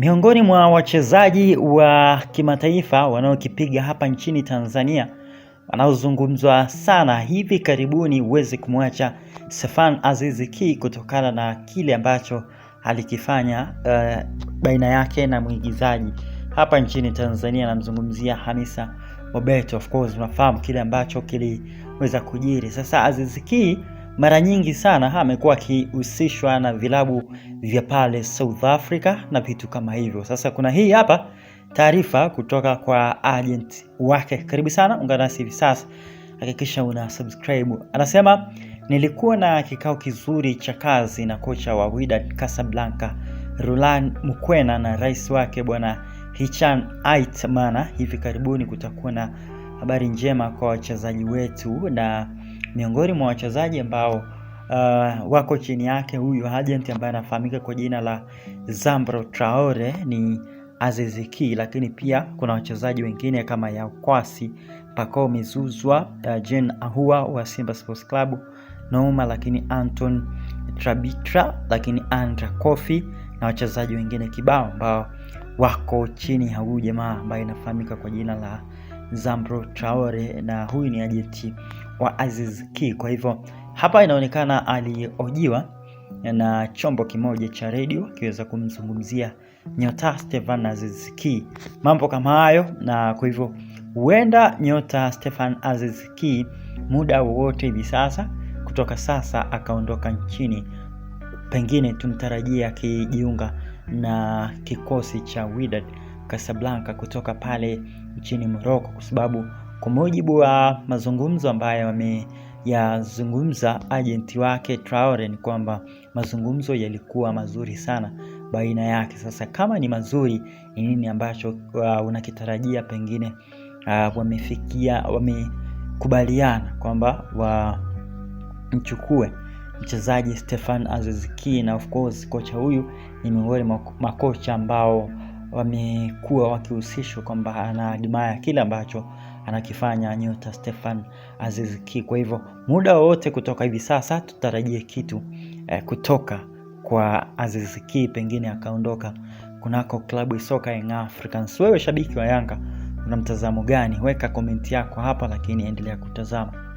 Miongoni mwa wachezaji wa kimataifa wanaokipiga hapa nchini Tanzania wanaozungumzwa sana hivi karibuni, huwezi kumwacha Stefan Aziz Ki kutokana na kile ambacho alikifanya uh, baina yake na mwigizaji hapa nchini Tanzania, namzungumzia Hamisa Mobeto. Of course unafahamu kile ambacho kiliweza kujiri. Sasa Aziz Ki mara nyingi sana amekuwa akihusishwa na vilabu vya pale South Africa na vitu kama hivyo. Sasa kuna hii hapa taarifa kutoka kwa agent wake. Karibu sana, ungana nasi hivi sasa, hakikisha una subscribe. Anasema nilikuwa na kikao kizuri cha kazi na kocha wa Wydad Casablanca Roland Mukwena na rais wake bwana Hichan aitmana Hivi karibuni kutakuwa na habari njema kwa wachezaji wetu na miongoni mwa wachezaji ambao uh, wako chini yake huyu agent ambaye anafahamika kwa jina la Zambro Traore ni Aziziki, lakini pia kuna wachezaji wengine kama Yakwasi Pako Mizuzwa, uh, Jean Ahua wa Simba Sports Club Nouma, lakini Anton Trabitra, lakini Andra Kofi na wachezaji wengine kibao ambao wako chini ya huyu jamaa ambaye inafahamika kwa jina la Zambro Traore, na huyu ni ajenti wa Aziz Ki. Kwa hivyo hapa inaonekana aliojiwa na chombo kimoja cha redio akiweza kumzungumzia nyota Stefan Aziz Ki, mambo kama hayo, na kwa hivyo huenda nyota Stefan Aziz Ki muda wowote hivi sasa kutoka sasa akaondoka nchini, pengine tumtarajia akijiunga na kikosi cha Wydad Casablanca kutoka pale nchini Morocco kwa sababu kwa mujibu wa mazungumzo ambayo ameyazungumza ajenti wake Traore, ni kwamba mazungumzo yalikuwa mazuri sana baina yake. Sasa kama ni mazuri, ni nini ambacho uh, unakitarajia? Pengine uh, wamefikia wamekubaliana kwamba wamchukue mchezaji Stefan Aziz Ki, na of course kocha huyu ni miongoni mwa makocha ambao wamekuwa wakihusishwa kwamba ana adimaya kile ambacho anakifanya nyota Stefan Aziz Ki. Kwa hivyo muda wowote kutoka hivi sasa tutarajie kitu eh, kutoka kwa Aziz Ki, pengine akaondoka kunako klabu soka Young Africans. Wewe shabiki wa Yanga una mtazamo gani? Weka komenti yako hapa, lakini endelea kutazama.